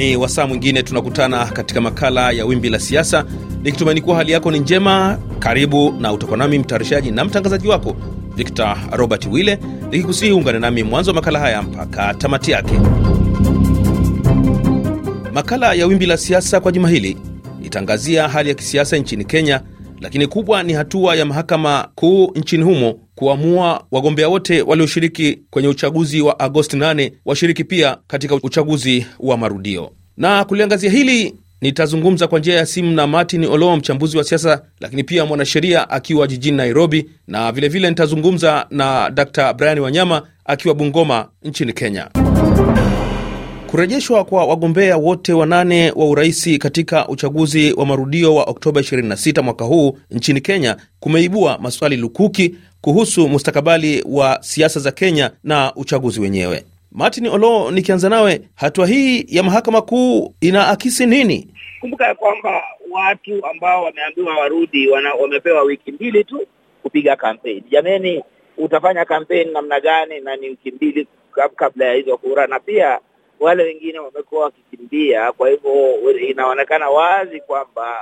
Ni wasaa mwingine tunakutana katika makala ya Wimbi la Siasa, nikitumaini kuwa hali yako ni njema. Karibu na utakuwa nami mtayarishaji na mtangazaji wako Victor Robert Wille, nikikusihi ungane nami mwanzo wa makala haya mpaka tamati yake. Makala ya Wimbi la Siasa kwa juma hili itaangazia hali ya kisiasa nchini Kenya lakini kubwa ni hatua ya mahakama kuu nchini humo kuamua wagombea wote walioshiriki kwenye uchaguzi wa Agosti 8 washiriki pia katika uchaguzi wa marudio. Na kuliangazia hili nitazungumza kwa njia ya simu na Martin olo mchambuzi wa siasa, lakini pia mwanasheria akiwa jijini Nairobi, na vilevile vile nitazungumza na Dr Brian Wanyama akiwa Bungoma nchini Kenya. Kurejeshwa kwa wagombea wote wanane wa uraisi katika uchaguzi wa marudio wa Oktoba 26 mwaka huu nchini Kenya kumeibua maswali lukuki kuhusu mustakabali wa siasa za Kenya na uchaguzi wenyewe. Martin Olo, nikianza nawe, hatua hii ya mahakama kuu inaakisi nini? Kumbuka ya kwamba watu ambao wameambiwa warudi wana, wamepewa wiki mbili tu kupiga kampeni. Jameni, utafanya kampeni namna gani na ni wiki mbili kabla ya hizo kura? Na pia wale wengine wamekuwa wakikimbia. Kwa hivyo inaonekana wazi kwamba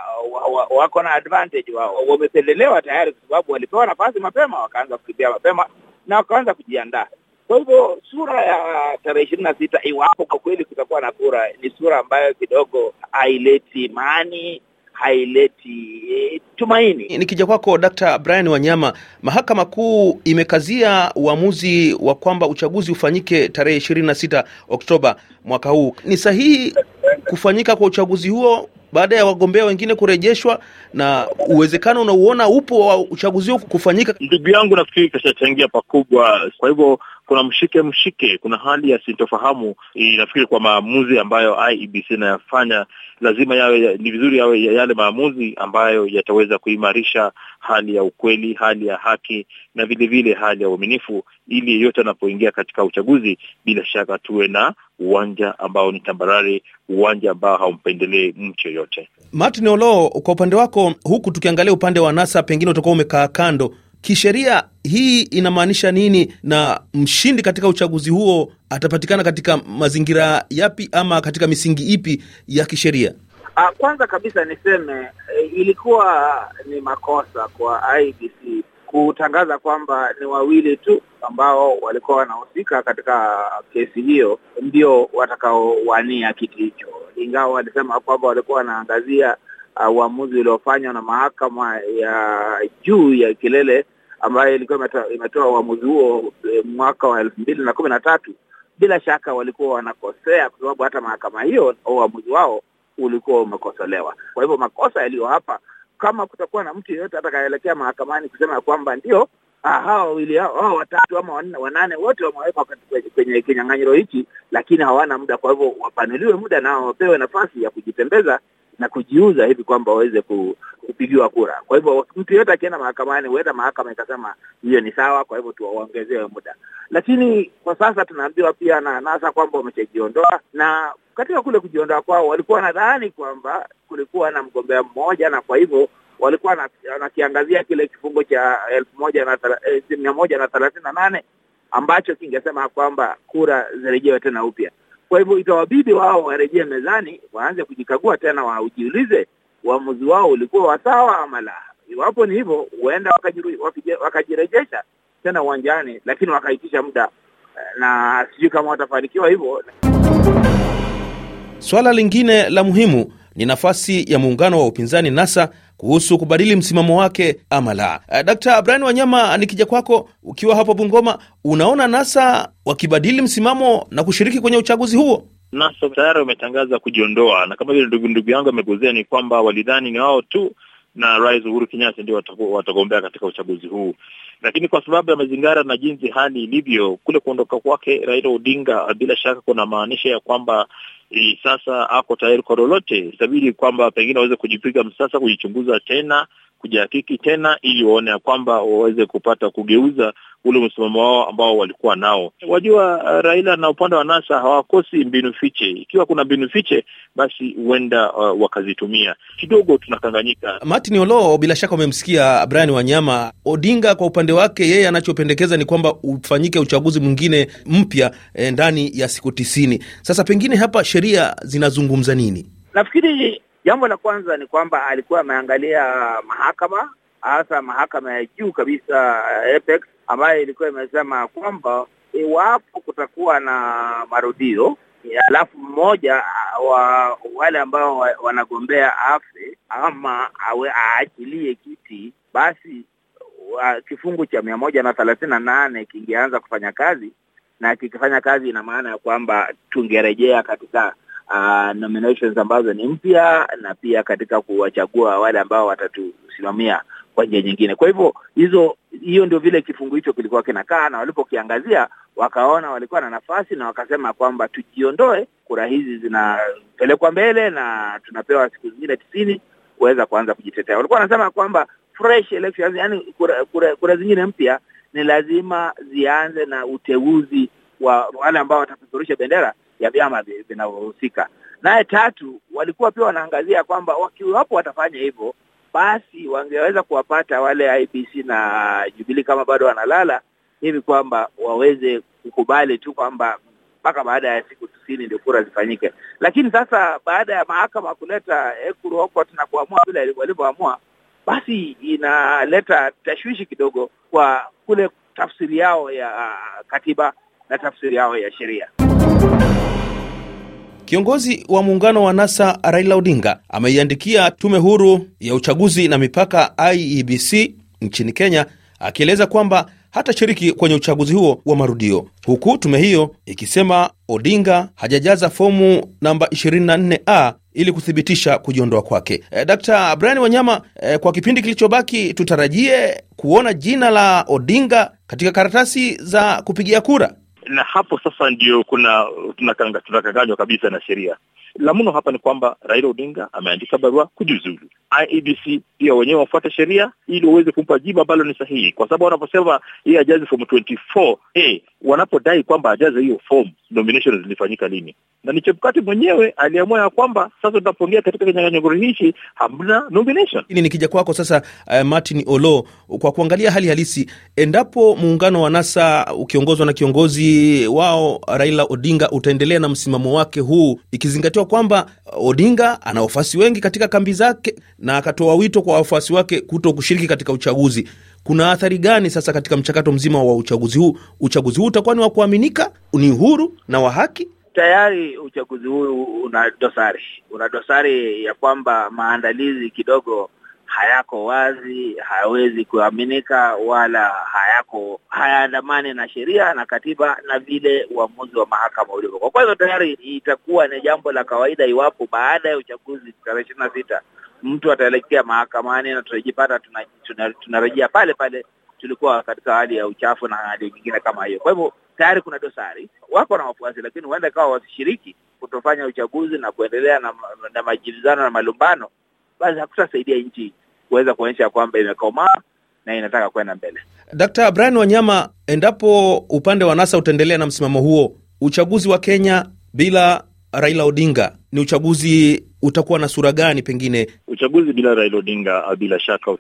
wako na advantage, wamepelelewa tayari, kwa sababu walipewa nafasi mapema, wakaanza kukimbia mapema na wakaanza kujiandaa. Kwa hivyo sura ya tarehe ishirini na sita, iwapo kwa kweli kutakuwa na kura, ni sura ambayo kidogo haileti imani haileti e, tumaini. Nikija kwako Dkt. Brian Wanyama, mahakama kuu imekazia uamuzi wa kwamba uchaguzi ufanyike tarehe ishirini na sita Oktoba mwaka huu. Ni sahihi kufanyika kwa uchaguzi huo baada ya wagombea wengine kurejeshwa, na uwezekano unauona upo wa uchaguzi huo kufanyika? Ndugu yangu, nafikiri kashachangia pakubwa, kwa hivyo kuna mshike mshike, kuna hali ya sintofahamu. Inafikiri kwa maamuzi ambayo IEBC inayafanya lazima yawe, ni vizuri yawe yale maamuzi ambayo yataweza kuimarisha hali ya ukweli, hali ya haki na vilevile vile hali ya uaminifu, ili yeyote anapoingia katika uchaguzi, bila shaka tuwe na uwanja ambao ni tambarare, uwanja ambao haumpendelee mtu yoyote. Martin Olo, kwa upande wako, huku tukiangalia upande wa NASA, pengine utakuwa umekaa kando kisheria hii inamaanisha nini, na mshindi katika uchaguzi huo atapatikana katika mazingira yapi ama katika misingi ipi ya kisheria? Ah, kwanza kabisa niseme eh, ilikuwa ni makosa kwa IBC kutangaza kwamba ni wawili tu ambao walikuwa wanahusika katika kesi hiyo ndio watakaowania kiti hicho, ingawa walisema kwamba walikuwa wanaangazia uh, uamuzi uliofanywa na mahakama ya juu ya kilele ambayo ilikuwa imetoa uamuzi huo eh, mwaka wa elfu mbili na kumi na tatu. Bila shaka walikuwa wanakosea, kwa sababu hata mahakama hiyo uamuzi wao ulikuwa umekosolewa. Kwa hivyo makosa yaliyo hapa, kama kutakuwa na mtu yeyote atakaelekea mahakamani kusema ya kwamba ndio ah, hawa wawili hao watatu ama wanne wanane wote wamewekwa kwenye kinyang'anyiro hichi, lakini hawana muda, kwa hivyo wapanuliwe muda na wapewe nafasi ya kujitembeza na kujiuza hivi kwamba waweze ku, kupigiwa kura. Kwa hivyo mtu yeyote akienda mahakamani, huenda mahakama ikasema hiyo ni sawa, kwa hivyo tuwaongezewe muda. Lakini kwa sasa tunaambiwa pia na NASA kwamba wameshajiondoa, na katika kule kujiondoa kwao walikuwa nadhani kwamba kulikuwa na mgombea mmoja, na kwa hivyo walikuwa wanakiangazia kile kifungo cha elfu moja na eh, mia moja na thelathini na nane ambacho kingesema kwamba kura zirejewe tena upya. Kwa hivyo itawabidi wao warejee mezani, waanze kujikagua tena, waujiulize uamuzi wao ulikuwa wasawa ama la. Iwapo ni hivyo, huenda wakajirejesha tena uwanjani, lakini wakaitisha muda eh, na sijui kama watafanikiwa hivyo. Swala lingine la muhimu ni nafasi ya muungano wa upinzani NASA kuhusu kubadili msimamo wake ama la. Eh, Dkt. Brian Wanyama, nikija kwako, ukiwa hapo Bungoma, unaona NASA wakibadili msimamo na kushiriki kwenye uchaguzi huo? NASA tayari wametangaza kujiondoa, na kama vile ndugu ndugu yangu amegozea, ni kwamba walidhani ni wao tu na Rais Uhuru Kenyatta ndio watagombea katika uchaguzi huu, lakini kwa sababu ya mazingira na jinsi hali ilivyo, kule kuondoka kwake Raila Odinga bila shaka kuna maanisha ya kwamba i, sasa ako tayari kwa lolote, itabidi kwamba pengine waweze kujipiga msasa, kujichunguza tena, kujihakiki tena, ili waone ya kwamba waweze kupata kugeuza ule msimamo wao ambao walikuwa nao. Wajua uh, Raila na upande wa NASA hawakosi mbinu fiche. Ikiwa kuna mbinu fiche, basi huenda uh, wakazitumia. Kidogo tunakanganyika. Martin Oloo, bila shaka umemsikia Brian Wanyama. Odinga kwa upande wake, yeye anachopendekeza ni kwamba ufanyike uchaguzi mwingine mpya eh, ndani ya siku tisini. Sasa pengine hapa sheria zinazungumza nini? Nafikiri jambo la kwanza ni kwamba alikuwa ameangalia mahakama, hasa mahakama ya juu kabisa eh, Apex, ambayo ilikuwa imesema kwamba iwapo kutakuwa na marudio alafu mmoja wa wale ambao wanagombea afe ama awe aachilie kiti, basi kifungu cha mia moja na thelathini na nane kingeanza kufanya kazi na kikifanya kazi, ina maana ya kwamba tungerejea katika uh, nominations ambazo ni mpya na pia katika kuwachagua wale ambao watatusimamia kwa njia nyingine. Kwa hivyo hizo, hiyo ndio vile kifungu hicho kilikuwa kinakaa, na walipokiangazia wakaona walikuwa na nafasi na wakasema kwamba tujiondoe, kura hizi zinapelekwa mbele na tunapewa siku zingine tisini kuweza kuanza kujitetea. Walikuwa wanasema kwamba fresh elections, yani kura, kura, kura zingine mpya ni lazima zianze na uteuzi wa wale ambao watapeperusha bendera ya vyama vinavyohusika. Naye tatu, walikuwa pia wanaangazia kwamba wakiwapo watafanya hivyo, basi wangeweza kuwapata wale IBC na Jubilee kama bado wanalala hivi, kwamba waweze kukubali tu kwamba mpaka baada ya siku tisini ndio kura zifanyike. Lakini sasa baada ya mahakama kuleta ekuru na kuamua vile walivyoamua, basi inaleta tashwishi kidogo kwa kule tafsiri yao ya uh, katiba na tafsiri yao ya sheria. Kiongozi wa muungano wa NASA Raila Odinga ameiandikia tume huru ya uchaguzi na mipaka IEBC nchini Kenya akieleza kwamba hatashiriki kwenye uchaguzi huo wa marudio, huku tume hiyo ikisema Odinga hajajaza fomu namba 24A ili kuthibitisha kujiondoa kwake. E, eh, Dkt. Brian Wanyama, e, kwa kipindi kilichobaki tutarajie kuona jina la Odinga katika karatasi za kupigia kura, na hapo sasa ndio kuna tunakanganywa kabisa na sheria la mno hapa ni kwamba Raila Odinga ameandika barua kujiuzulu. IEBC pia wenyewe wafuate sheria ili waweze kumpa jibu ambalo ni sahihi, kwa sababu wanaposema yeye ajaze fomu 24A, wanapodai kwamba ajaze hiyo fomu, nomination zilifanyika lini? Na ni Chebukati mwenyewe aliamua ya kwamba sasa tunapoongea katika kinyang'anyiro hichi hamna nomination. Ili nikija kwako sasa, uh, Martin Olo, kwa kuangalia hali halisi, endapo muungano wa NASA ukiongozwa na kiongozi wao Raila Odinga utaendelea na msimamo wake huu ikizingatiwa kwamba Odinga ana wafuasi wengi katika kambi zake na akatoa wito kwa wafuasi wake kuto kushiriki katika uchaguzi. Kuna athari gani sasa katika mchakato mzima wa uchaguzi huu? Uchaguzi huu utakuwa ni wa kuaminika, ni huru na wa haki? Tayari uchaguzi huu una dosari, una dosari ya kwamba maandalizi kidogo hayako wazi, hayawezi kuaminika, wala hayako hayaandamani na sheria na katiba na vile uamuzi wa mahakama ulivyo. Kwa hivyo tayari itakuwa ni jambo la kawaida iwapo baada ya uchaguzi tarehe ishirini na sita mtu ataelekea mahakamani na tutajipata tunarejea tuna, pale pale tulikuwa katika hali ya uchafu na hali nyingine kama hiyo. Kwa hivyo tayari kuna dosari, wako na wafuasi, lakini huenda ikawa wasishiriki kutofanya uchaguzi na kuendelea na, na majibizano na malumbano basi hakutasaidia nchi kuweza kuonyesha kwamba imekomaa na inataka kwenda mbele. Dkt. Brian Wanyama, endapo upande wa NASA utaendelea na msimamo huo, uchaguzi wa Kenya bila Raila Odinga ni uchaguzi utakuwa na sura gani? Pengine uchaguzi bila Raila Odinga ah, bila shaka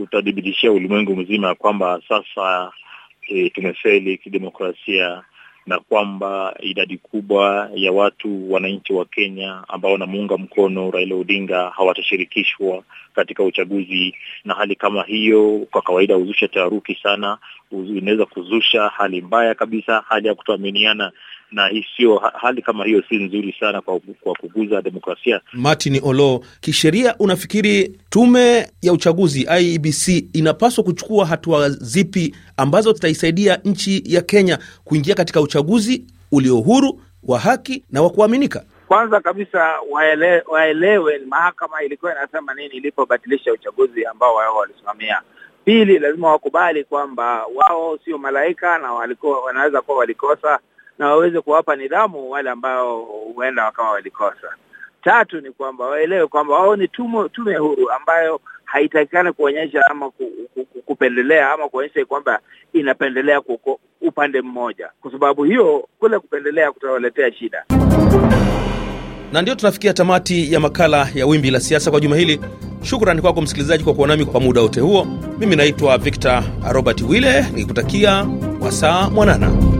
utadhibitishia ulimwengu mzima ya kwamba sasa e, tumefeli kidemokrasia na kwamba idadi kubwa ya watu wananchi wa Kenya ambao wanamuunga mkono Raila Odinga hawatashirikishwa katika uchaguzi, na hali kama hiyo kwa kawaida huzusha taharuki sana, inaweza kuzusha hali mbaya kabisa, hali ya kutoaminiana na sio hali kama hiyo, si nzuri sana kwa, kwa kuguza demokrasia. Martin Olo, kisheria unafikiri tume ya uchaguzi IEBC inapaswa kuchukua hatua zipi ambazo zitaisaidia nchi ya Kenya kuingia katika uchaguzi ulio huru wa haki na wa kuaminika? Kwanza kabisa waele, waelewe mahakama ilikuwa inasema nini ilipobatilisha uchaguzi ambao wao walisimamia. Pili, lazima wakubali kwamba wao sio malaika na walikuwa wanaweza kuwa walikosa na waweze kuwapa nidhamu wale ambao huenda wakawa walikosa. Tatu ni kwamba waelewe kwamba wao ni tume, tume huru ambayo haitakikani kuonyesha ama kupendelea ama kuonyesha kwamba inapendelea kuko, upande mmoja, kwa sababu hiyo kule kupendelea kutawaletea shida. Na ndio tunafikia tamati ya makala ya Wimbi la Siasa kwa juma hili. Shukrani kwako msikilizaji kwa kuwa nami kwa muda wote huo. Mimi naitwa Victor Robert Wile nikikutakia wasaa mwanana.